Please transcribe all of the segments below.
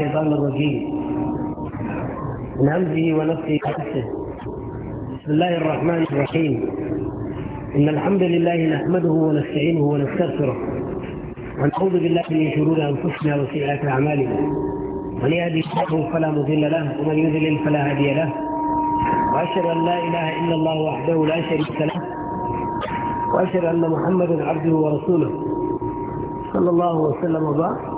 الشيطان الرجيم من همزه ونفسه ونفسه بسم الله الرحمن الرحيم إن الحمد لله نحمده ونستعينه ونستغفره ونعوذ بالله من شرور أنفسنا وسيئات أعمالنا من يهدي الله فلا مضل له ومن يذلل فلا هادي له وأشهد أن لا إله إلا الله وحده لا شريك له وأشهد أن محمدا عبده ورسوله صلى الله وسلم وبارك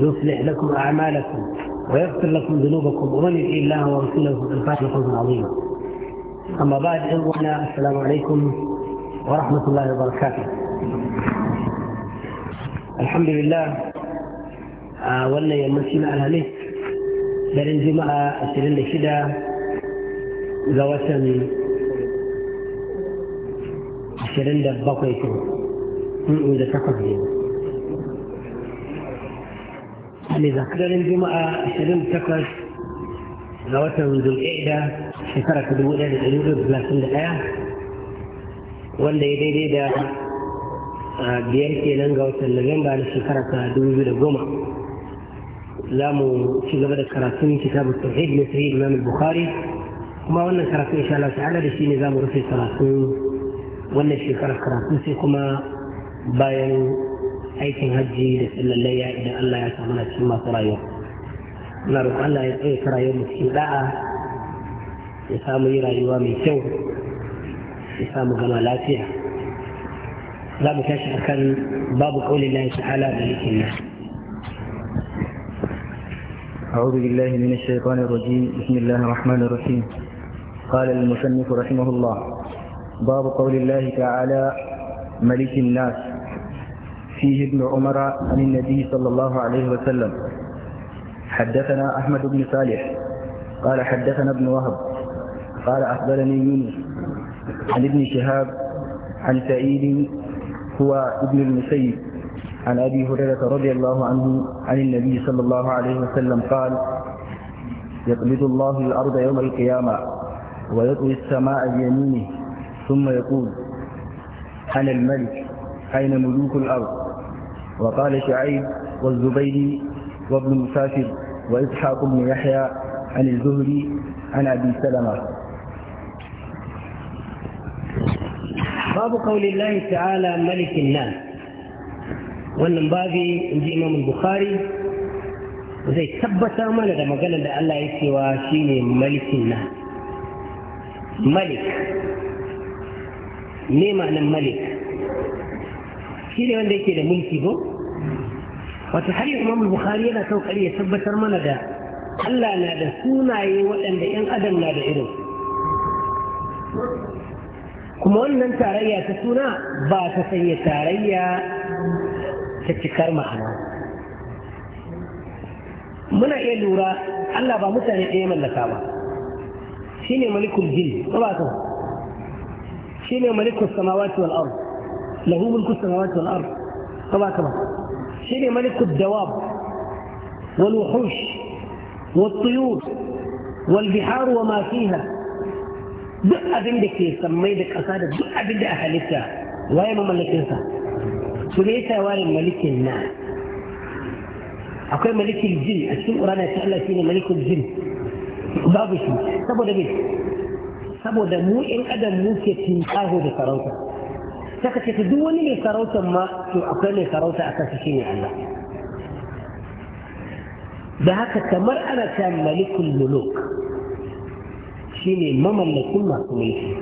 يصلح لكم أعمالكم ويغفر لكم ذنوبكم ومن يطع الله ورسوله فقد فاز عظيما أما بعد إخواننا السلام عليكم ورحمة الله وبركاته الحمد لله آه، ولا يمسينا على ليه لأن جمع أسرين لشدة زوثا أسرين لبقيته من أولى تقضيه leza daren juma'a takwas ga watan zulƙa'ida shekara ta ɗaya, wanda ya daidai da biyar kenan ga watan Nuwamba na shekara ta dubu biyu da goma, za mu ci gaba da karatun kitabu tauhid na sahih imam bukhari kuma wannan karatu insha Allah ta'ala da shi ne za mu rufe karatu wannan shekarar karatu sai kuma bayan aikin hajji da sallar layya idan Allah ya samu na cikin masu rayuwa muna roƙon Allah ya tsaye ta rayuwar mu cikin da'a ya samu yi rayuwa mai kyau ya samu gama lafiya za mu tashi akan babu kaulin lahi ta'ala da yake nan أعوذ بالله من الشيطان الرجيم بسم الله الرحمن الرحيم قال المصنف رحمه الله باب قول الله تعالى ملك الناس فيه ابن عمر عن النبي صلى الله عليه وسلم حدثنا أحمد بن صالح قال حدثنا ابن وهب قال أخبرني يونس عن ابن شهاب عن سعيد هو ابن المسيب عن أبي هريرة رضي الله عنه عن النبي صلى الله عليه وسلم قال يقبض الله الأرض يوم القيامة ويطوي السماء بيمينه ثم يقول أنا الملك أين ملوك الأرض وقال شعيب والزبيدي وابن مسافر وإسحاق بن يحيى عن الزهري عن أبي سلمة باب قول الله تعالى ملك الناس wannan babi in ji bukhari zai tabbatar mana da maganar da Allah ya cewa shine malikin nan malik ne ma'anan malik shi ne wanda yake da mulki ko wata har imam bukhari yana kokari ya tabbatar mana da Allah na da sunaye waɗanda 'yan adam na da irin kuma wannan tarayya ta suna ba ta sanya tarayya ta cikar ma'ana muna iya lura Allah ba mutane ɗaya mallaka ba shi ne malikul jin ba ta shi ne malikul samawati wal ard lahu mulku samawati wal ard ba ta ba السنة ملك الدواب والوحوش والطيور والبحار وما فيها دق أبندك يسميدك أصاد دق أبند أهلك وهي مملكة سليسة واري ملك الناس أقول ملك الجن أشكين أرانا سألة سنة ملك الجن بابي شو سبو دبي سبو دمو إن أدم موكي تنقاه بطرانك sai ka ta duk wani mai sarautar ma to akwai mai sarauta a kansa shi ne Allah da haka kamar ana ta malikul muluk shi mamallakin masu mulki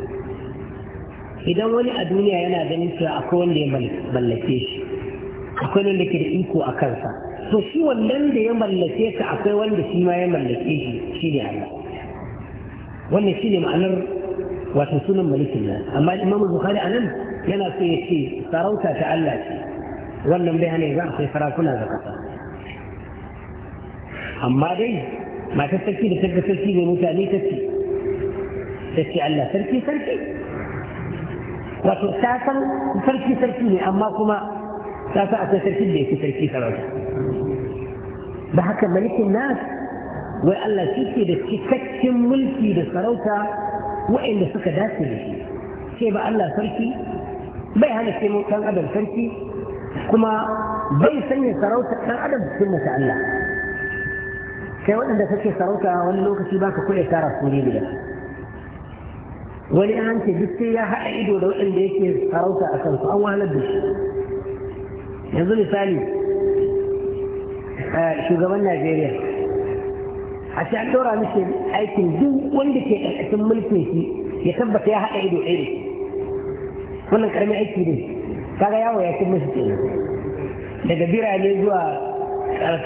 idan wani a duniya yana ganin cewa akwai wanda ya mallake shi akwai wanda ke da iko a kansa to shi wannan da ya mallake ka akwai wanda shi ma ya mallake shi shi ne Allah wannan shine ma'anar wato sunan malikin nan amma imamu bukhari anan لما فيه شيء فروت تعلى شيء ظن بها ان يغطي فراكنا فقط اما دي ما تتكي بسبب تركي بموسى لي تتكي تتكي على تركي تركي وتساسا تركي تركي اما كما ساسا تركي بيك تركي فراكا بحكم ملك الناس وقال لك تتكي بسكي تكتم ملكي بسراوتا وإن لسكا داسي لشي كيف قال لك تركي bai hana sai mun kan adam sarki kuma bai sanya sarauta ɗan adam sunna ta Allah kai waɗanda kake sarauta wani lokaci baka kuɗe tara su ne gida wani an ce duk sai ya haɗa ido da waɗanda yake sarauta a kansu an wahalar da shi yanzu misali shugaban najeriya a ce an ɗora mishi aikin duk wanda ke ƙarƙashin mulkin shi ya tabbata ya haɗa ido ɗaya wannan karamin aiki ne kaga yawo ya kuma musu kenan daga birane zuwa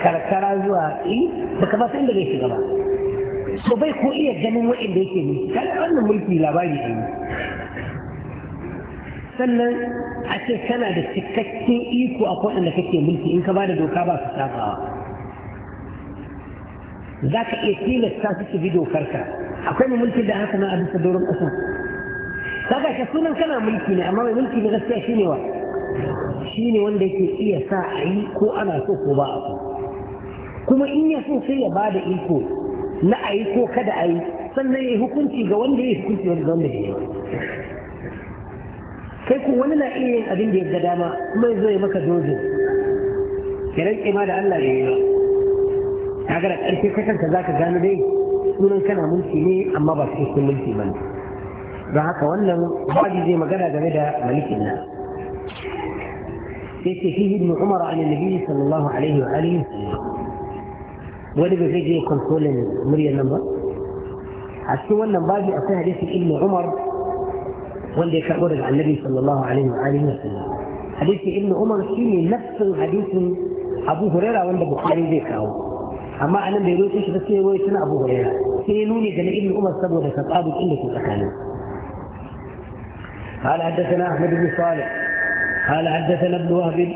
karkara zuwa yi eh, baka ba san da zai shiga ba so bai ko iya ganin waɗanda yake ne kaga wannan mulki labari ne sannan a ce kana da cikakken iko a waɗanda kake mulki in ka ba da doka ba su safawa za ka iya tilasta su su bi dokarka akwai mulki mulkin da haka na a bisa doron ƙasa kaga ka sunan kana mulki ne amma mai mulki ne gaskiya shine wa shine wanda yake iya sa a yi ko ana so ko ba a so kuma in ya so sai ya ba da iko na a yi ko kada a yi sannan ya yi hukunci ga wanda ya yi hukunci wanda wanda ya yi kai ko wani na iya yin abin da ya ga dama kuma ya zo ya maka dozin ya rike ma da Allah ya yi ba kaga da ƙarfi kakanka za ka gano dai sunan kana mulki ne amma ba su mulki ba ne don haka wannan babu zai magana game da malikin nan sai ce fihi ibn umar an annabi sallallahu alaihi wa alihi wani ba zai je konsolin muryar nan ba a cikin wannan babu akwai hadisin ibn umar wanda ya karɓo daga annabi sallallahu alaihi wa alihi wa sallam hadisin ibn umar shine nafsin hadisin abu huraira wanda bukhari zai kawo amma a nan bai roƙe shi ba sai ya roƙe abu huraira sai ya nuni ga na ibn umar saboda tasaduk inda ke tsakanin قال حدثنا احمد بن صالح قال حدثنا ابن وهب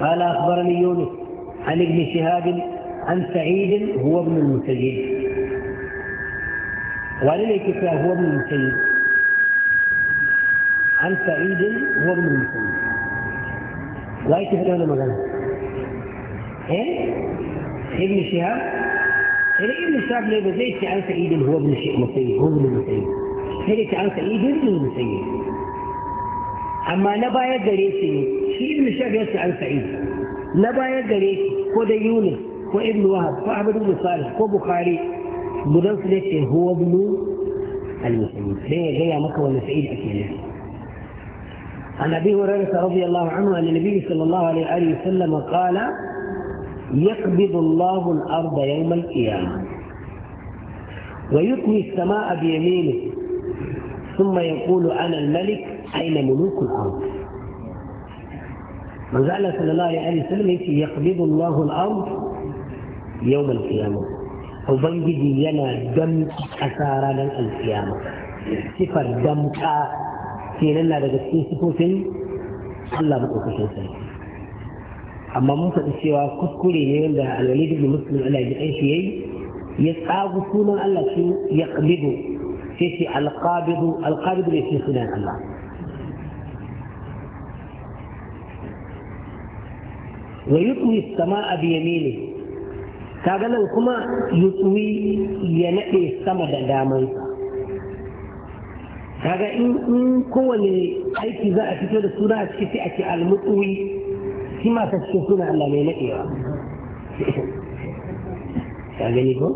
قال اخبرني يونس عن ابن شهاب عن سعيد هو ابن المسيب وعن كتاب هو ابن المسيب عن سعيد هو ابن المسيب لا يتفق هذا مثلا ايه ابن شهاب إيه ابن شهاب ليه زي عن سعيد هو ابن المسيب هو ابن المسيب هيك عن سعيد هو ابن المسيب أما نبايا قريسي شيء من الشعب يسعى الفعيل نبايا قريسي كو دا يونس كو ابن وهب كو عبد بن صالح كو بخاري بدنس ليك هو ابن المسلمين ليه جاي مكة ولا سعيد أكيد عن أبي هريرة رضي الله عنه أن النبي صلى الله عليه وآله وسلم قال يقبض الله الأرض يوم القيامة ويثني السماء بيمينه ثم يقول أنا الملك aina mulukul ard manzo Allah sallallahu alaihi wasallam yace yaqbidu Allahu al-ard yawm al-qiyamah ubangiji yana damƙa dan ranar alkiyama sifar damƙa kenan na daga cikin sifofin Allah maɗaukakin sarki amma mun faɗi cewa kuskure ne wanda alwalid ibn muslim Allah ya ji shi yayi ya tsagu sunan Allah shi ya qabidu sai ce alqabidu alqabidu ne shi sunan Allah wa yutwi sama a yamini kaga nan kuma yutwi ya nade sama da daman kaga in kowane aiki za a fito da suna a cikin ake almutuwi shi ma ta cikin suna Allah mai nadewa ka gani ko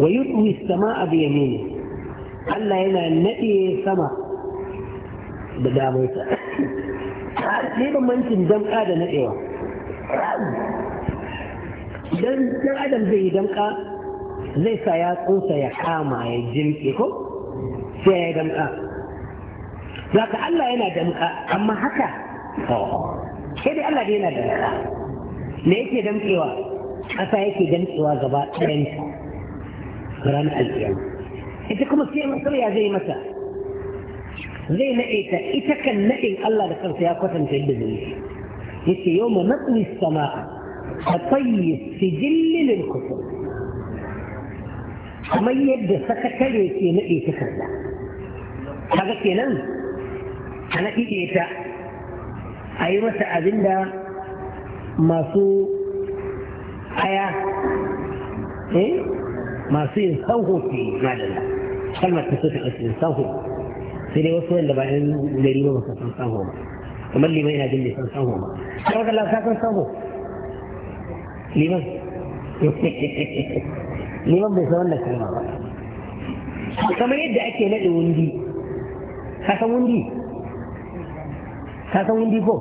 wa yutwi sama'a bi yamini Allah yana nade sama da damansa sai bambancin jam'a da naɗewa. dan idan dan adam zai yi damka zai sa ya yatsunsa ya kama ya jirke ko sai ya damka zaka ka Allah yana damka amma haka sai dai Allah yana damka me yake damkewa ƙasa yake damkewa gaba ɗayan ran alƙiyama ita kuma sai masar ya zai mata zai naɗe ta ita kan naɗin Allah da kansa ya kwatanta yadda zai yi yace yawma natwi as-samaa katayi sijil lil kutub kamar yadda sakatare ke nade takarda kaga kenan ana ide ta a yi masa abinda masu aya eh masu yin sanho ke madalla kalmar ta so ta ƙasar sanho sai dai wasu wanda ba yan gari ba ba san sanho ba kamar liman yana jin bai san sanho ba sai wata lafiya san sanho liman liman bai san wannan kalma ba kamar yadda ake naɗe wundi ka san wundi ka wundi ko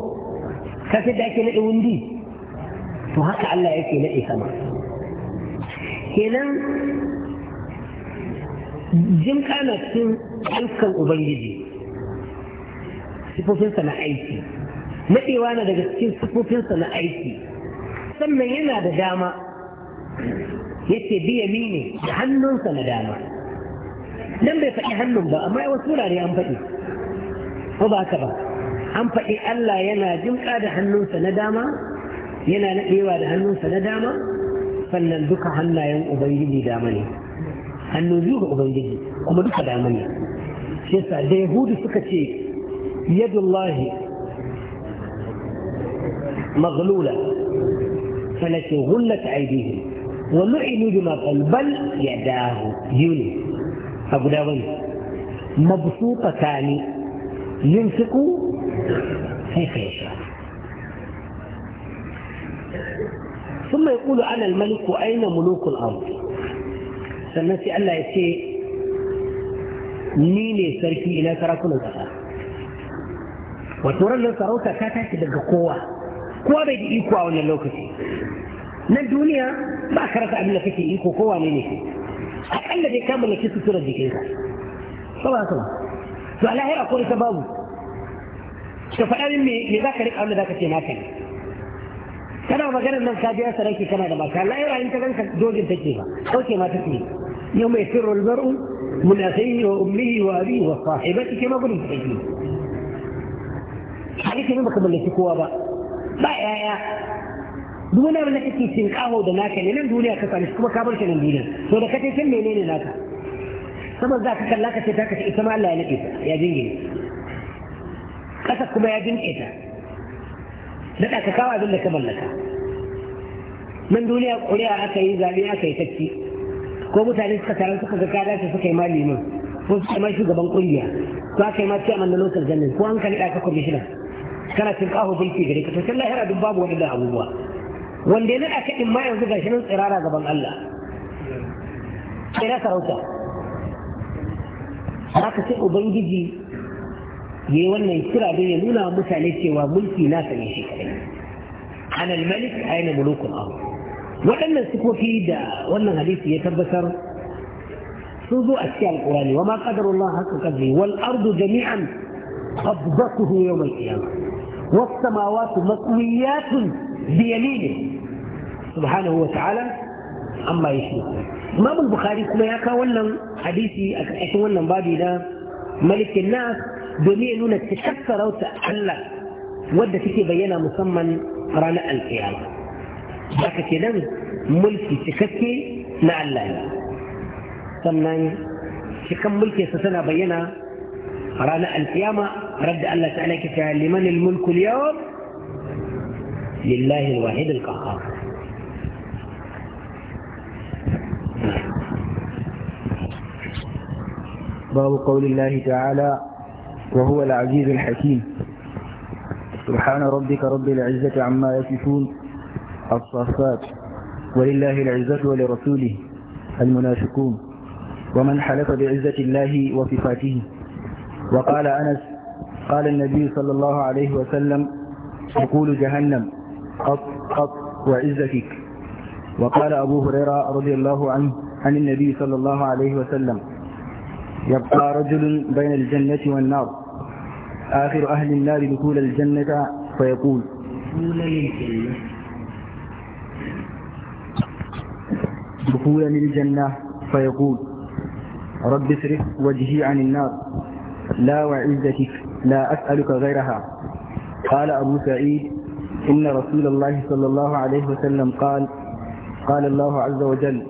ka yadda ake naɗe wundi to haka Allah ya ke naɗe sama kenan jin kana cikin alkan ubangiji sifofinsa na aiki naɗewa na daga cikin sifofinsa na aiki sannan yana da dama ya ce biya ne da hannunsa na dama Nan bai faɗi hannun ba amma wasu wurare an faɗi ko ba haka ba an faɗi Allah yana jinƙa da hannunsa na dama yana naɗewa da hannunsa na dama sannan duka hannayen ubangiji dama ne hannu biyu ga ubangiji kuma duka dama ne shi yasa da yahudu suka ce يد الله مغلولة فلكن غلت أيديهم ولعنوا بما قال بل يداه يوني أبو داوي مبسوطتان ينفق كيف يشاء ثم يقول أنا الملك وأين ملوك الأرض سنسي الله يسي ني ne إلى ina sarakunan kasa wato ran sarauta ta tashi daga kowa kowa bai da iko a wannan lokaci na duniya ba ka rasa abin da kake iko kowa ne ne akalla dai ka mallaki suturar jikinka saboda sama to alahira ko ita babu ka faɗa min me za ka riƙa wanda za ka ce naka ne kana maganar nan ka biya sarauki kana da mata lahira in ta ganka dogin take ba sauke ma take yau mai sirrul mar'u من أخيه وأمه وأبيه وصاحبته كما قلت أيديه a ne baka mallaki kowa ba ba yaya duk wani abin da kake cin kawo da naka ne nan duniya ka sami kuma ka bar shi nan duniya to da kace kin menene naka saboda za ka kalla ka ce ta ka ce ita ma Allah ya nake ta ya jingine kasa kuma ya jinke ta da ka kawo abin da ka mallaka nan duniya kuriya aka yi zabi aka yi tacci ko mutane suka taron suka ga kada su suka yi malimin ko su yi ma shugaban ƙungiya ko aka yi ma ciyaman na lokal ganin ko an kalli ɗaka kwamishina kana tinkaho bulki gare ka to can lahira duk babu wani abubuwa wanda ya naɗa kaɗin ma yanzu gashi nan tsirara gaban Allah tsira sarauta haka sai ubangiji ya yi wannan kira don ya nuna mutane cewa mulki na sanye shi kaɗai anal malik aina mulukun ahu waɗannan sifofi da wannan hadisi ya tabbatar sun zo a cikin alƙurani wa ma qadarullah haka qadri wal ardu jami'an qabdatuhu yawm al-qiyamah والسماوات مطويات بيمينه سبحانه وتعالى عما يشاء ما من البخاري كما يكا ولن حديثي أكتو ولن بابي دا ملك الناس دمي أنونا تشكر أو تألا ودى تكي بينا مسمى رانا القيامة ذاك ملكي ملك مع الله سمنا شكم ملكي ستنا بينا رانا القيامة رد الله عليك فعل لمن الملك اليوم لله الواحد القهار باب قول الله تعالى وهو العزيز الحكيم سبحان ربك رب العزة عما يصفون الصافات ولله العزة ولرسوله المنافقون ومن حلف بعزة الله وصفاته وقال أنس قال النبي صلى الله عليه وسلم يقول جهنم قط قط وعزتك وقال أبو هريرة رضي الله عنه عن النبي صلى الله عليه وسلم يبقى رجل بين الجنة والنار آخر أهل النار دخول الجنة فيقول دخول للجنة فيقول رب اصرف وجهي عن النار لا وعزتك لا أسألك غيرها قال أبو سعيد إن رسول الله صلى الله عليه وسلم قال قال الله عز وجل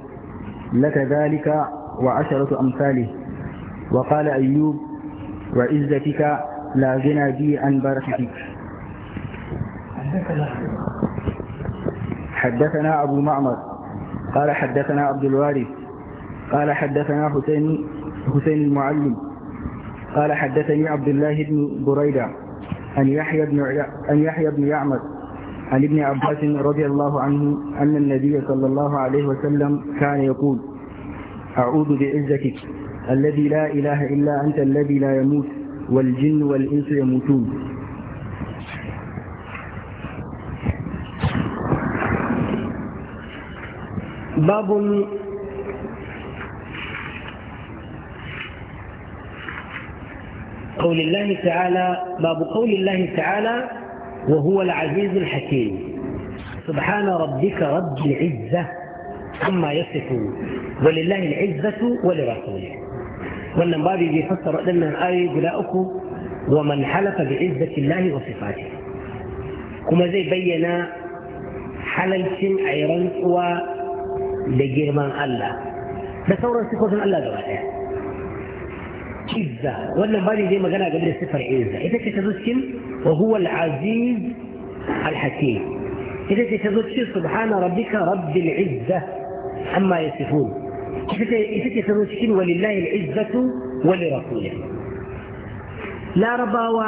لك ذلك وعشرة أمثاله وقال أيوب وعزتك لا غنى بي عن بركتك حدثنا أبو معمر قال حدثنا عبد الوارث قال حدثنا حسين حسين المعلم قال حدثني عبد الله بن بريدة عن يحيى بن عن يحيى بن يعمد عن ابن عباس رضي الله عنه أن النبي صلى الله عليه وسلم كان يقول أعوذ بعزتك الذي لا إله إلا أنت الذي لا يموت والجن والإنس يموتون باب قول الله تعالى باب قول الله تعالى وهو العزيز الحكيم سبحان ربك رب العزة عما يصفون ولله العزة ولرسوله ولن بابي بيفسر ان الآية بلاؤكم ومن حلف بعزة الله وصفاته كما زي بينا حللت أيران و لجيرمان الله ده ثورة صفة الله جرائح شدة ولا بالي زي ما قالها قبل السفر عزة إذا تتذكر وهو العزيز الحكيم إذا تتذكر سبحان ربك رب العزة عما يصفون إذا تتذكر ولله العزة ولرسوله لا ربا و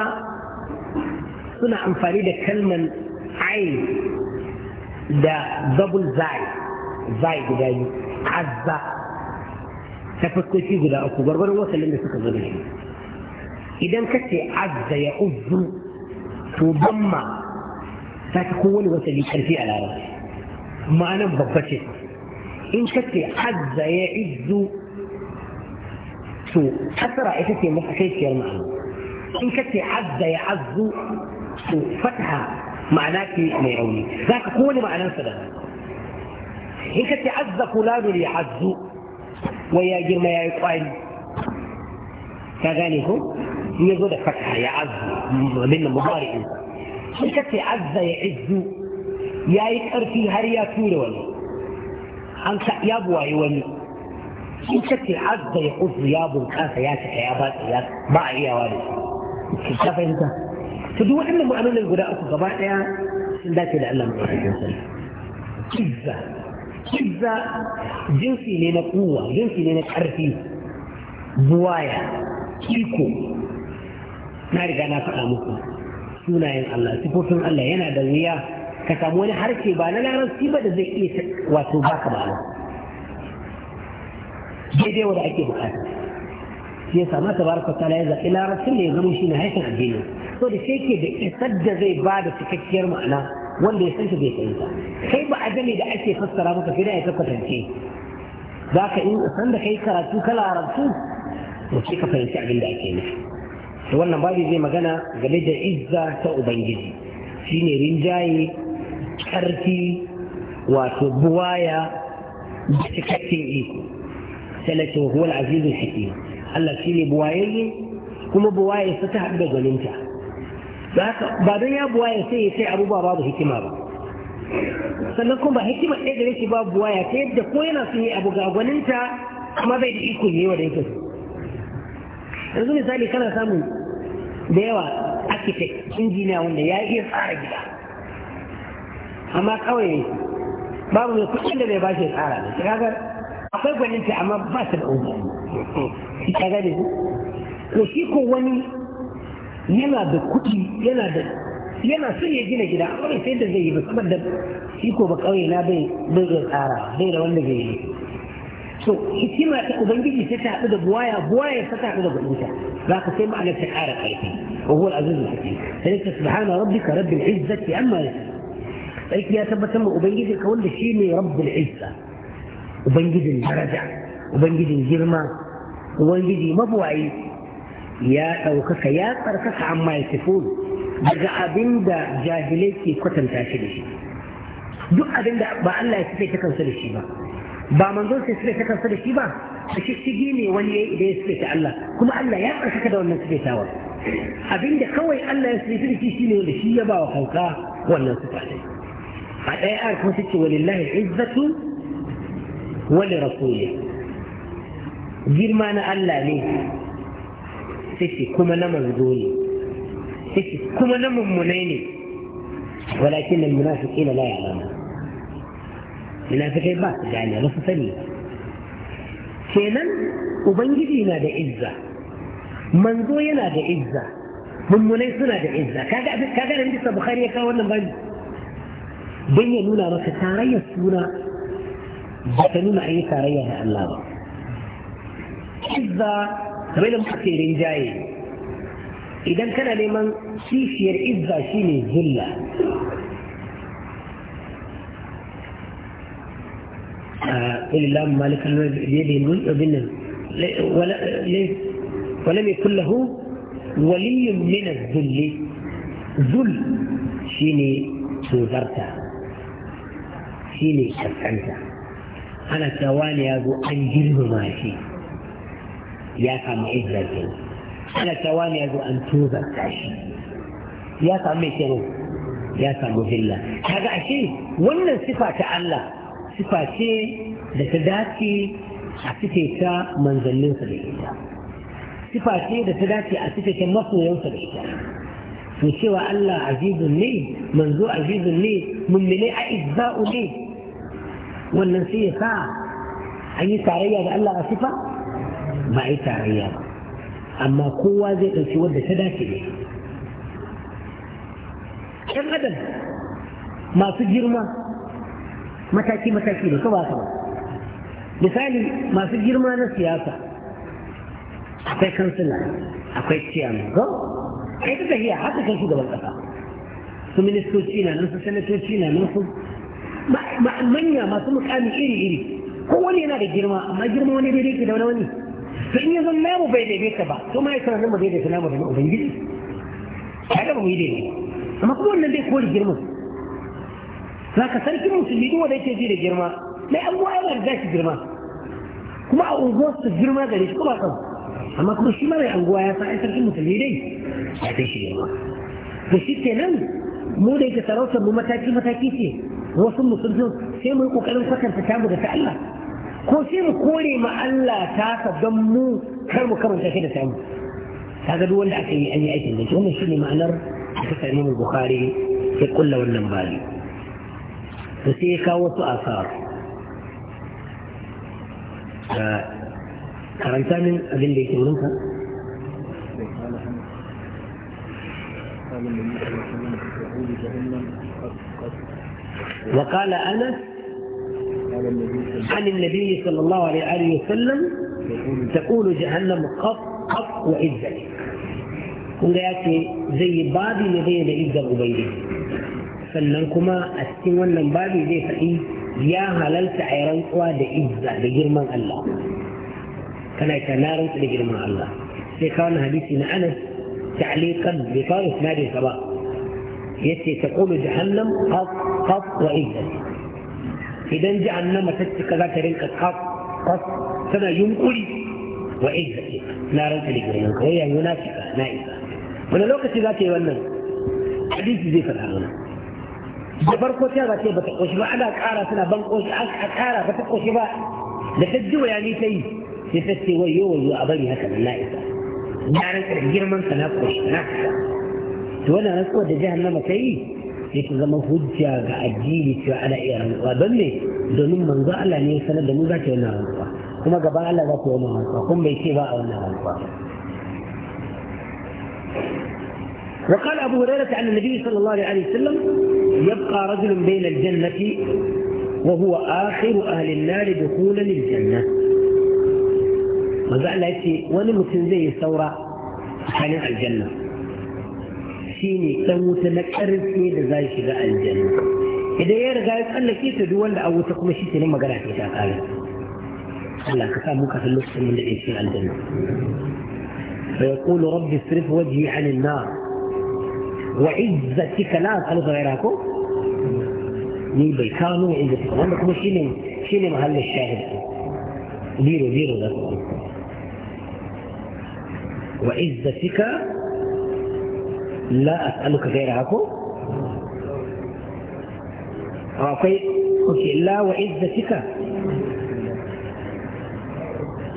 صنع فريدة كلمة عين ده دبل زاي زاي بداية عزة ta fuskoki guda uku gwargwaron wasalin da suka zo da shi idan ka ce azza ya uzzu to damma ta fi kowane wasali karfi a larabci ma'anan babba ce in ka ce azza ya izzu to kasara ita ce mafakaiciyar ma'ana in ka ce azza ya azzu to fataha ma'ana ce mai rauni za ka kowane ma'anar sa da in ka ce azza fulanu ya azzu ويا جرما يا يقال كذلك يقول فتحة يا عز من مضارع حركة عز يا عز يا يقر في هريا تولى ولا أنت يا أبو أيوان حركة عز يا عز يا أبو كاسة يا سحي يا بات يا باعي يا والي كيف أنت تدو أن مؤمن القراءة قبائة سندات لألم عليه وسلم كذا Kiza jinsi ne na kuwa jinsi ne na ƙarfi buwaya iko na riga na faɗa muku sunayen Allah sifofin Allah yana da wuya ka samu wani harshe ba na larabci ba da zai iya wato baka ba daidai wanda ake bukata ya sama tabaraka ta ya zaɓi larabcin da ya zama shi na haifin addini so da shi ke da isar da zai ba da cikakkiyar ma'ana wanda ya san shi bai kai ta kai ba a gane da ake fassara maka gida da ya tafatance, za ka in san da kai karatu kala rabtu to ka fahimci abin da ake nufi to wannan babu zai magana game da izza ta ubangiji shine rinjaye karfi wato buwaya da cikakken iko sai huwa al hakim Allah shine buwayayye kuma buwaye su ta haɗu da gwaninta ba don ya buwaya sai ya sai abubuwa babu hikima ba sannan kuma ba hikima ɗaya gare shi ba buwaya ta yadda ko yana sun yi abu ga gwaninta kuma bai da iko ne wanda yake yanzu misali kana samun da yawa architect injiniya wanda ya iya tsara gida amma kawai babu mai kuɗin da bai ba shi tsara da kagar akwai gwaninta amma ba su da umar kaga ne ko shi ko wani yana da kuɗi yana da yana son ya gina gida amma bai sai da zai yi ba kuma da iko ba kauye na bai bai da tsara bai da wanda bai yi so hikima ta ubangiji sai ta haɗu da buwaya buwaya sai ta haɗu da gudunta za ka sai ma'anar ta ƙara ƙarfi wa huwa al-aziz al-hakim sai ka subhana rabbika rabbil izzati amma yasifun aiki ya tabbatar ma ubangijin ka wanda shi ne rabbul izza ubangijin daraja ubangijin girma ubangiji mabuwayi ya ɗaukaka ya tsarkaka amma ya tafi daga abin da jahilai ke kwatanta shi da shi duk abin da ba Allah ya sife ta kansa da shi ba ba manzon sai sife ta kansa da shi ba a shishigi ne wani ya idan ya sife ta Allah kuma Allah ya tsarkaka da wannan sife tawa abin da kawai Allah ya sife da shi shine wanda shi ya ba wa kanka wannan sifa ne a ɗaya an kuma wani walillahi izzatu wani li rasuli girma na Allah ne sisi kuma na manzo ne sisi kuma na mummunai ne walakin nan munafiki na laya lama munafikai ba su gane ba su sani kenan ubangiji na da izza manzo yana da izza mummunai suna da izza kaga da bisa bukhari ya kawo wannan bani don ya nuna maka tarayyar suna ba ta nuna a yi tarayya da Allah ba. Izza kamar da muka ce rinjaye idan kana neman kishiyar izza shine zilla قل اللهم مالك الملك بيده الملك ولم يكن له ولي من الذل ذل شيني سوزرتا شيني شفعنتا أنا توالي أبو أنجل ماشي ya samu izza kenan ana cewa ne yazo an tozarta tashi, ya samu mai kenan ya samu zilla kaga ashe wannan sifa ta Allah sifa ce da ta dace a cike ta manzanninsa da ita sifa ce da ta dace a cike ta masoyansa da ita to cewa Allah azizun ne manzo azizun ne mummine a izza'u ne wannan sai ya sa an yi tarayya da Allah a sifa ba a yi tarayya ba amma kowa zai ɗauki wadda ta dace ne ƴan adam masu girma mataki-mataki da ka ba ka ba misali masu girma na siyasa akwai kansila akwai ciyan ko kai ta tafiya haka kai shugaban kasa su ministoci na nan su sanatoci na nan su manya masu mukami iri-iri kowane yana da girma amma girma wani daidai ke da wani sun yi zan namu bai daidaita ba to ma ya sanar mu daidaita namu da ubangiji a yadda ba mu yi daidai amma kuma wannan dai kori girma za ka sarki musulmi duk wanda yake ji da girma mai abuwa ya riga shi girma kuma a unguwar su girma gare shi kuma kan amma kuma shi mara unguwa ya sa ai sarki musulmi dai ya kai shi girma da shi kenan mu da yake sarautar mu mataki mataki ce wasu musulmi sai mu yi kokarin kwatanta tamu da ta Allah ko sai mu kore ma Allah tasa don mu kar mu karanta shi da samu kaga duk wanda aka yi an yi aikin da shi wannan shine ma'anar da ta Imam Bukhari ya kulla wannan bali to sai ya kawo wasu asar karanta min abin da yake wurinka وقال أنس عن النبي صلى الله عليه وسلم تقول جهنم قط قط وعزة قلت زي بابي لدي لعزة أبيدي فلنكما أستمون من بابي دي فإن يا هلال تعيران قوى لعزة لجرمان الله كان يتنارس لجرمان الله لكان حديثنا أنس تعليقا بطائف نادي سبا يتي تقول جهنم قط قط وعزة idan ji annama ta cika za ta rinka kaf kaf tana yunkuri wa izza na rantsa da girman ka wai yayo na cika na isa wani lokaci za ta yi wannan hadisi zai faɗa mana da farko ta za ta yi bata koshi ba ana ƙara suna ban ƙoshi a ƙara bata koshi ba da ta ji wayani ta yi sai ta ce wai yau wayo a bari haka na isa na rantsa da girman ka na koshi na cika to wannan rantsuwar da jahannama ta yi sai zama hujja ga addini cewa ana iya rantsuwa don me domin manzo Allah ne ya sanar da mu za ta yi wannan rantsuwa kuma gaban Allah za ta yi wannan rantsuwa kuma bai ce ba a wannan rantsuwa وقال أبو هريرة عن النبي صلى الله عليه وسلم يبقى رجل بين الجنة وهو آخر أهل النار دخولا للجنة ما زال يأتي ونمت زي ثورة حناء الجنة shine dan wuta na karfe da za shi ga aljanna idan ya riga ya tsallake ta duk wanda a wuta kuma shi ne magana ta ta kare Allah ka samu ka san lokacin da yake aljanna fa rabbi sirf wajhi 'ala وجهي عن النار وعزتك لا أسأل غيرك ni bai kano عزتك wanda kuma shine shine mahallin shahid zero zero da وعزتك la as'aluka gaira hako akwai oke la wa izzatika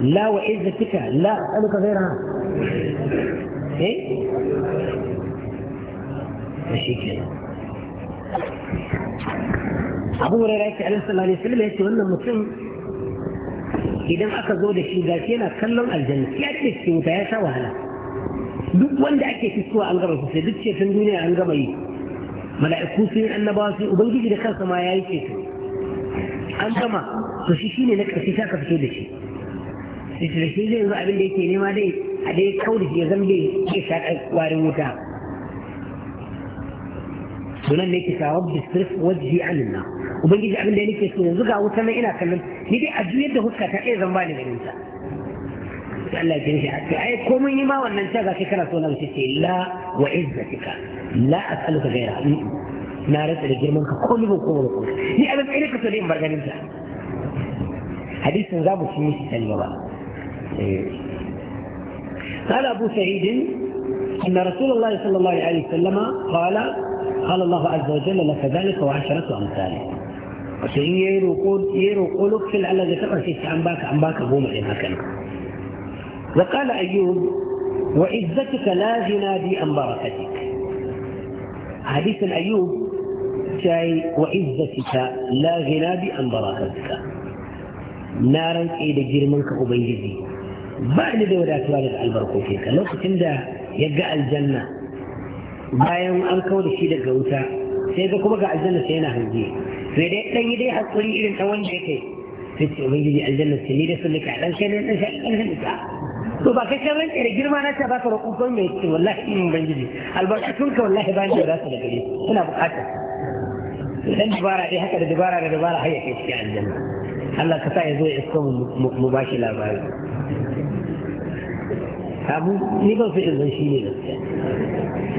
la wa izzatika la as'aluka gaira hako eh shi kenan abu huraira yake alaihi sallallahu alaihi wasallam wannan mutum idan aka zo da shi gashi yana kallon aljanna ya ce cikin wuta ya sha wahala duk wanda ake fitowa an gama sosai duk ceton duniya an gama yi mala'iku sun annabawa sun ubangiji da kansa ma ya yi ceto an gama to shi shine na ƙarshe ta ka fito da shi sai da shi zai yanzu abin da yake nema dai a dai shi ya zama dai ya shaƙar warin wuta sunan ne ke sa da sirf wajhi anin na ubangiji abin da nake so yanzu ga wuta na ina kallon ni dai a juyar da huska ta ɗaya zan ba ni ganin ta الا جميعا اي كومينيما ولا انتهى فكره نفسي لا وعزتك لا اسالك غيرها ما رد لك من كل بقوه بقوه هي انا بعينك تريد مرجع حديث نظام في ثاني بابا إيه. قال ابو سعيد ان رسول الله صلى الله عليه وسلم قال قال الله عز وجل لك ذلك وعشره امثاله وشيء يروقون يروقون اغسل على ذكر في عم باك عم باك ابو مريم هكذا وقال أيوب وعزتك لا غنى بي عن بركتك حديث أيوب شاي وعزتك لا غنى بي عن بركتك نارا إيد جرمنك أبيجي بعد دي ولا توالد البركوكيك لو كنت يقع الجنة bayan an kawo da shi daga wuta sai ga kuma ga aljanna sai yana hange sai dai dan yi dai hakuri irin ta wanda yake sai ce ubangiji aljanna sai ni da sun nika dan kai dan sai dan sai to ba kai kan rantsi da girma na ta baka ka ko mai ce wallahi in ubangiji albarkatun ka wallahi ban da za su da gare ina bukata dan dubara dai haka da dubara da dubara har ya kai cikin aljanna Allah ka sa ya zo ya isko mu ba shi labari abu ni ban fi izin shi ne gaskiya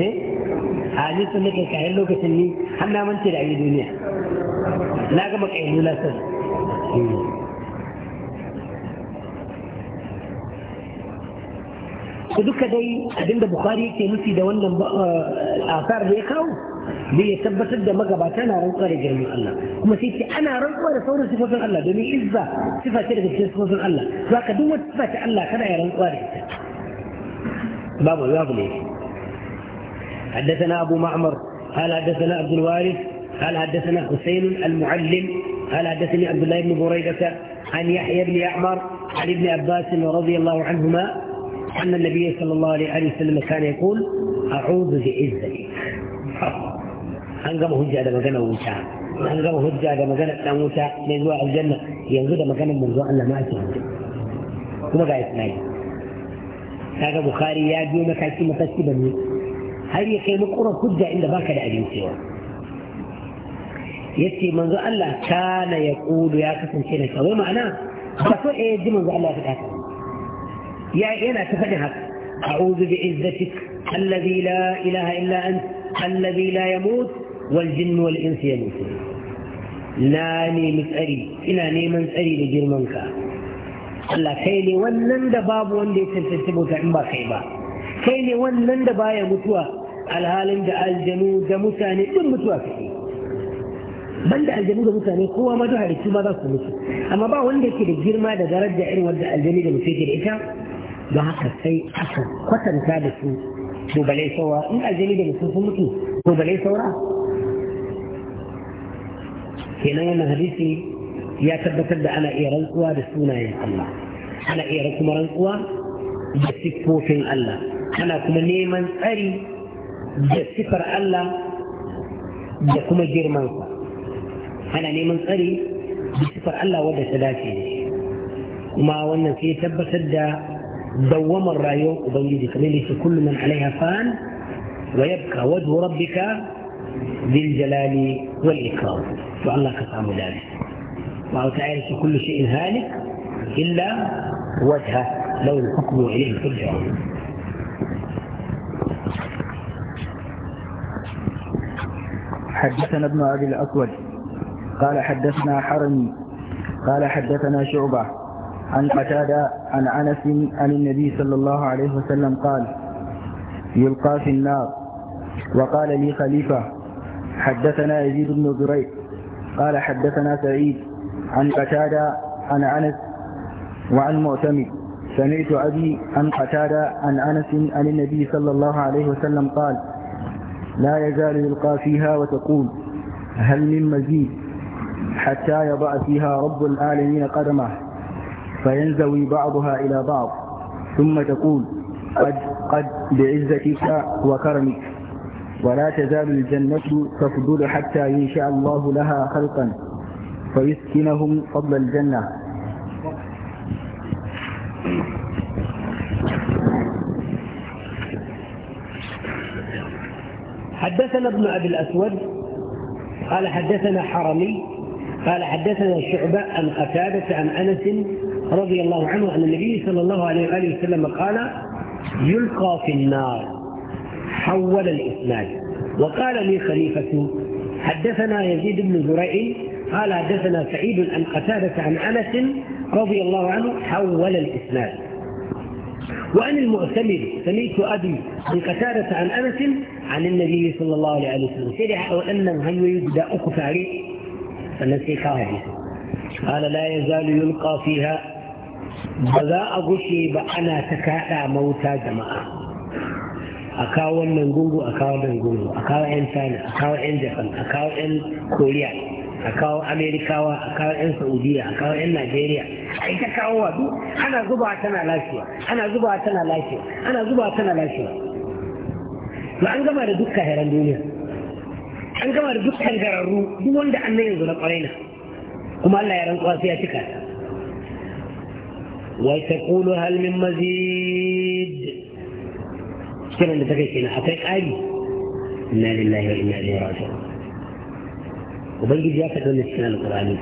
eh a ni sun nake kayan lokacin ni har na mance da ayi duniya na gama kayan nuna su duka dai abinda bukari yake nufi da wannan asar da ya kawo da ya tabbatar da magabata na rantsuwa da girman Allah kuma sai ce ana rantsuwa da sauran sifofin Allah domin izza sifa ce daga cikin sifofin Allah to haka duk wata sifa ce Allah kana ya rantsuwa da ita babu babu ne حدثنا أبو معمر قال حدثنا عبد الوارث قال حدثنا حسين المعلم قال حدثني عبد الله بن بريدة عن يحيى بن يعمر عن ابن عباس رضي الله عنهما أن النبي صلى الله عليه وسلم كان يقول أعوذ بعزتي أنقمه هجة هذا مكان موسى أنقمه هجة هذا مكان موسى من الجنة ينقذ مكان موسى أن ما أتيه كما قال إسماعيل هذا بخاري يا جيو مكان كما تسكب مني هل يخير مقرى هجة إلا ما كان أجل يسي من الله كان يقول يا كسن شيئا وما أنا فسوء إيه دي من الله في الأكل يا إنا تفجهك أعوذ بعزتك الذي لا إله إلا أنت الذي لا يموت والجن والإنس يموتون لا نيم أري إلى نيم أري لجر منك ألا كيني ونن دباب وندي تنتسبو تعمبا خيبا كيني ونن دبا يمتوا الهال دا الجنو دمتاني دم متوا كيني بل دا الجنو دمتاني قوة ما دوها لتوبا دا كمسو أما با وندي كده جرما دا درجة إن ودا الجنو دمتاني don haka sai aka kwatanta da su dubalai saura in aljani da mutum sun mutu dubalai saura kenan wannan hadisi ya tabbatar da ana iya rantsuwa da sunayen Allah ana iya kuma rantsuwa da siffofin Allah ana kuma neman tsari da siffar Allah da kuma girmansa ana neman tsari da siffar Allah wadda ta dace da kuma wannan sai tabbatar da دوم الرأي وبنجي كليل كل من عليها فان ويبقى وجه ربك ذي الجلال والإكرام وعلى كفام ذلك الله تعالى كل شيء هالك إلا وجهه لو الحكم إليه ترجعون حدثنا ابن أبي الأسود قال حدثنا حرمي قال حدثنا شعبة عن قتادة عن أنس عن النبي صلى الله عليه وسلم قال يلقى في النار وقال لي خليفة حدثنا يزيد بن زريع قال حدثنا سعيد عن قتادة عن أنس وعن معتمد سمعت أبي عن قتادة عن أنس عن النبي صلى الله عليه وسلم قال لا يزال يلقى فيها وتقول هل من مزيد حتى يضع فيها رب العالمين قدمه فينزوي بعضها إلى بعض ثم تقول قد قد بعزتك وكرمك ولا تزال الجنة تفضل حتى ينشأ الله لها خلقا فيسكنهم فضل الجنة حدثنا ابن أبي الأسود قال حدثنا حرمي قال حدثنا شعبة عن قتادة عن أنس رضي الله عنه أن النبي صلى الله عليه وآله وسلم قال يلقى في النار حول الإسناد وقال لي خليفة حدثنا يزيد بن زريع قال حدثنا سعيد عن قتادة عن أنس رضي الله عنه حول الإسناد وعن المعتمد سمعت أبي عن قتادة عن أنس عن النبي صلى الله عليه وسلم سرع وأن هل يبدأ أكف عليه فنسيخها قال لا يزال يلقى فيها ba za a gushe ba ana ta kaɗa mauta jama'a a kawo wannan gungu a kawo wannan gungu a kawo 'yan china a kawo 'yan japan a kawo 'yan korea a kawo amerikawa a kawo 'yan saudiya a kawo 'yan nigeria a ita kawo wadu ana zuba tana lafiya ana zuba tana lafiya ana zuba tana lafiya ba an gama da dukkan heran duniya an gama da dukkan gararru duk wanda annan yanzu na kwarai na kuma allah ya rantsuwa sai ya cika ta وتقول هل من مزيد كنا نتكلم أتيك أي إنا لله وإنا إليه راجعون وبين جاكت من السنة القرآنية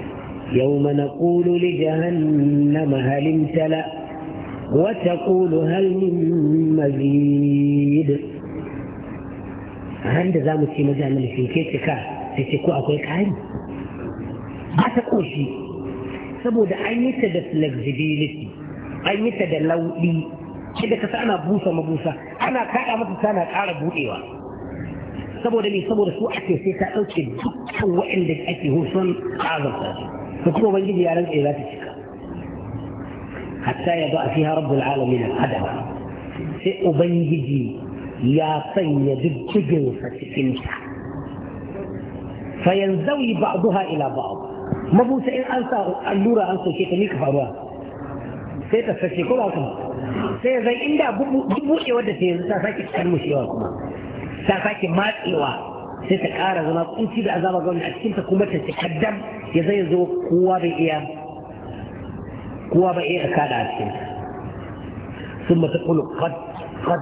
يوم نقول لجهنم هل امتلأ وتقول هل من مزيد عند زامو تي مجانا في كيتي كا تي كو أكو كاين ما تقول شيء saboda an yi ta da an yi ta da lauɗi shi da kasa ana busa mabusa ana kaɗa masa tana ƙara buɗewa saboda ne saboda su ake sai ta ɗauke dukkan waɗanda ake husun azabta su kuma bangiji ya rantsa za ta cika hatta ya ba a fiha rabbul alamin adaba sai ubangiji ya sanya diddiginsa cikinta fayanzawi ba'daha ila ba'd mabusa in an sa allura an soke ta mika faruwa sai ta sace ko ba kuma sai zai inda duk buɗewar da ta yanzu ta sake karmushewa kuma ta sake matsewa sai ta ƙara zama kunci da azaba gwamnati a cikinta kuma ta ci kaddam ya zai zo kowa bai iya kowa bai iya kada a cikin sun mata kulu kad kad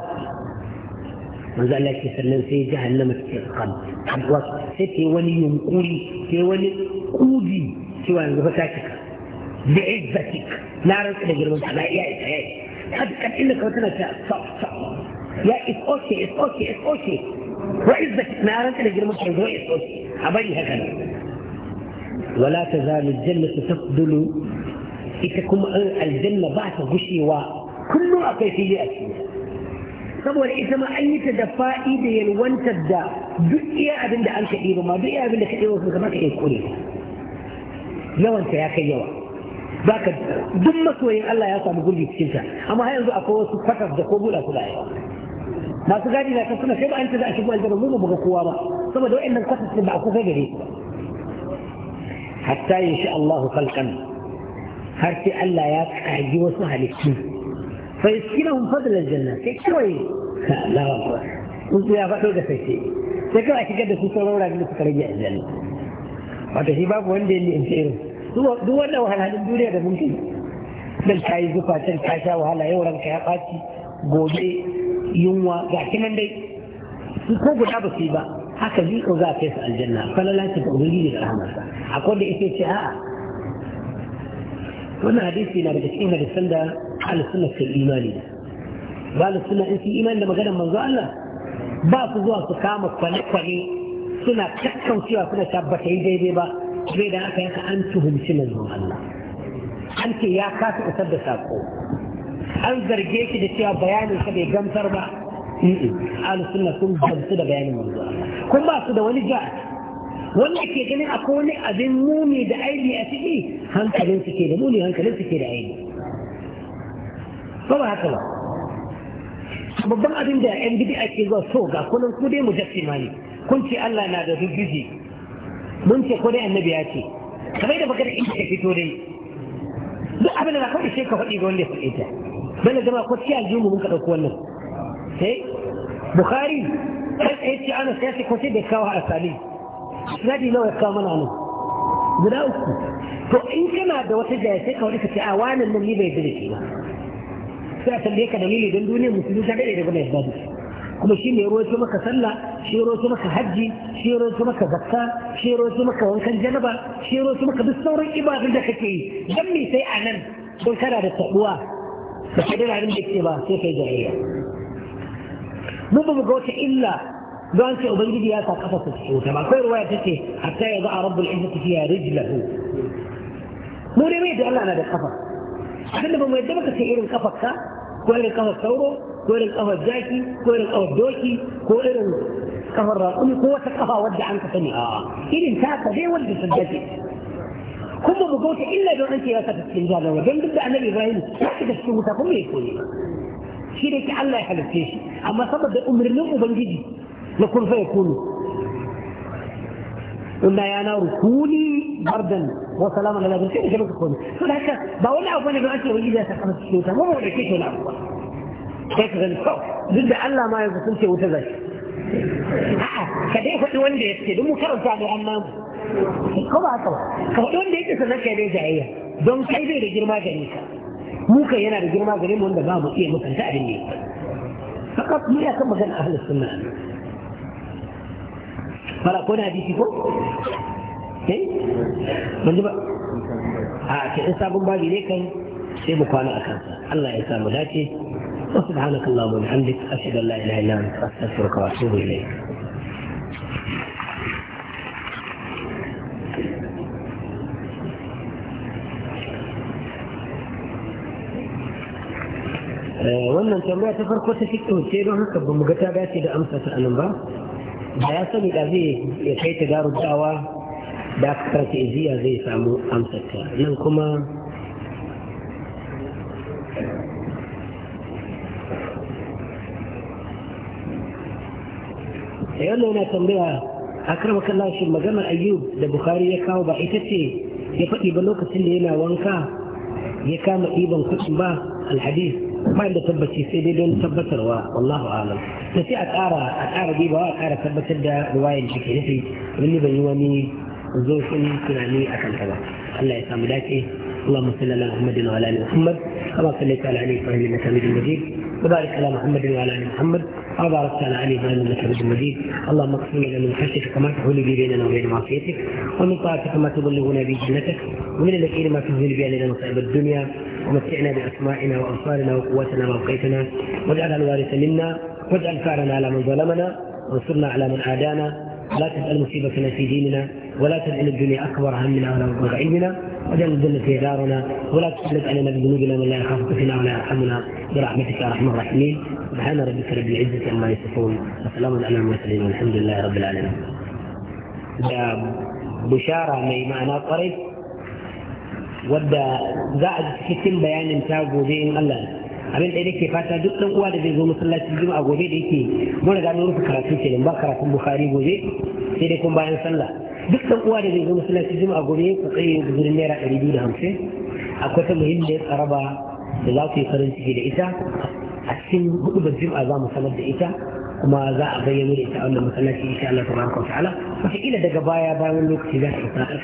manzo Allah ke sannan sai jahannama take kan hadwa sai ta wani yunkuri sai wani kudi cewa yanzu fa ta cika بعزتك لا رزق لجرمك لا يا إيه يا إيه حد كان إنك وتنا صح صح يا إيه أوشي إيه أوشي إيه أوشي وعزتك لا رزق لجرمك إيه أوشي أبي هكذا ولا تزال الجنة تفضل إتكم الجنة بعد غشي وكل أكيفية أشياء saboda ita ma an yi ta da fa'ida yalwantar da duk iya abin da an ka ɗiba ma duk iya abin da ka ɗiba su kamar ka iya kore yawanta ya kai yawa za ka duk masoyin Allah ya samu gurbi cikin ta amma har yanzu akwai wasu fatas da ko buɗa kuɗaɗe masu gadi na kan suna kai ba an ta za a shigo aljanna mu ba ga kowa ba saboda wa'annan fatas ba a kusa gare su hatta yashi Allahu khalqan har sai Allah ya kaji wasu halittu fa yaskinahum fadlal janna sai kawai Allahu akbar kun ya faɗo da sai sai kawai a shigar da su sauran ragin da suka rage aljanna wato shi babu wanda ya ni in irin duk wannan wahalhalin duniya da mulki dan kai yi zufa can ka sha wahala yau ranka ya ɓaci gobe yunwa ga kinan dai su ko guda ba su yi ba haka ji ko za a kai su aljanna falala ce ta ubangiji da rahmarsa akwai da ita ce a'a wannan hadisi na daga cikin hadisan da al-sunnah kai imani ne ba al-sunnah in su imani da maganar manzo Allah ba su zuwa su kama kwale-kwale suna kakkan cewa suna tabbata daidai ba sai da aka yaka an tuhumci manzon Allah an ce ya kasa isar da sako an zarge shi da cewa bayanin sa bai gamsar ba ahlu sunna sun gamsu da bayanin manzon Allah kun ba su da wani ja wanda ke ganin akwai wani abin muni da aibi a ciki hankalin su ke da muni hankalin su ke da aibi ba ba haka ba babban abin da yan gidi ake zuwa so ga kunan ku dai mujassima ne kun ce Allah na da dubbizi mun ce ko dai annabi ya ce kamar da magana in ka fito dai duk abin da kawai sai ka faɗi ga wanda ya faɗi ta bane zama ko ci aljihu mun ka ɗauko wannan sai bukhari ka yi ce ana sai ko sai da kawo a sali sinadi nawa ya kawo mana nan guda uku to in kana da wata jaya sai ka wani ka ce a wannan nan ni bai da ba sai a tambaye ka dalili don duniyar musulun ta daɗe da gama yadda da kuma shi ne rawaito maka sallah shi rawaito maka hajji shi rawaito maka zakka shi rawaito maka wankan janaba shi rawaito maka duk sauran ibadun da kake yi dan me sai anan don kana da tabuwa da kadin abin da ke ba sai kai jahiliya mun ba mu ga wata illa don ce ubangiji ya sa kafa ta wuta ba kai ruwaya tace hatta ya ga rabbul izzati fiya rijlahu mu ne mai da Allah na da kafa abinda ba mu yadda baka ce irin kafarka ko irin kafar sauro ko irin kafar jaki ko irin kafar doki ko irin kafar raƙumi ko wata kafa wadda an ka sani a'a irin taka dai wadda ta dace kuma mu gauta illa don an ce ya saka cikin jahannama don duk da annabi ibrahim ya shiga cikin wuta kuma ya koyi shi da ke Allah ya halitta shi amma saboda umarnin ubangiji na kun fa ya kunu قلنا يا نار كوني بردا وسلاما على ابن سيدنا كما تكون فلهذا بقول له ابن ابن اسلم اذا سخنت الشوكه مو بكيت ولا أبوه sai ka gani kawai duk da Allah ma yanzu sun ce wuta zaki ka dai faɗi wanda ya ce don mu karanta ne an namu ko ba haka ba ka faɗi wanda ya ce sannan kai dai jayayya don kai zai da girma gare ka mu kai yana da girma gare mu wanda ba mu iya mutunta abin ne fakat mu ya kan magana ahlus sunna fara ko na hadisi ko eh ban ji ba a ke sabon babi ne kai sai mu kwana a kansa Allah ya samu dace وسبحانك اللهم وبحمدك أشهد أن لا إله إلا أنت أستغفرك وأتوب إليك wannan tambaya ta farko ta fi ce don haka ba mu ga ta dace da amsa ta anan ba da ya sani da zai ya kai ta garu dawa da aka karanta iziya zai samu amsa ta nan kuma sai wannan yana tambaya a karba shi maganar ayyub da bukari ya kawo ba ita ce ya faɗi ba lokacin da yana wanka ya kama ɗiban kuɗin ba alhadis ba da tabbaci sai dai don tabbatarwa wallahu alam da sai a ƙara a ƙara diba a ƙara tabbatar da ruwayan da ke nufi ni ban yi wani zurfin tunani a kanta ba Allah ya samu dace اللهم صل على محمد وعلى ال محمد كما صليت على ال ابراهيم انك حميد مجيد وبارك على محمد وعلى ال محمد وبارك على علي بن انك حميد مجيد اللهم اغفر لنا من خشيتك ما تحول به بيننا وبين معصيتك ومن طاعتك ما تبلغنا به جنتك ومن اليقين ما تزول به علينا مصائب الدنيا ومتعنا باسمائنا وابصارنا وقوتنا وابقيتنا واجعل الوارث منا واجعل فعلنا على من ظلمنا وانصرنا على من عادانا لا تجعل مصيبتنا في ديننا ولا تجعل الدنيا اكبر همنا ولا اكبر علمنا واجعل الجنه دارنا ولا تسلط علينا بذنوبنا من لا يخافك فينا ولا يرحمنا برحمتك يا ارحم الراحمين سبحان ربك رب العزه عما يصفون وسلام على المرسلين والحمد لله رب العالمين. بشاره mai ma'ana قريب wadda za a cikin bayanin ta gobe in Allah abin da yake fata duk dan uwa da zai zo masallaci juma'a gobe da yake mun riga mun rufe karatu kenan ba karatun bukhari gobe sai dai kun bayan sallah duk ɗan uwa da zai zo masallaci juma'a gobe ku tsaye guzurin naira ɗari biyu da hamsin akwai ta muhimmiyar karaba da za ku yi farin ciki da ita a cikin hudu da juma'a za mu sanar da ita kuma za a bayyana da ita wannan masallaci insha Allah tabaraka wa ta'ala wata daga baya bayan lokaci za ta isa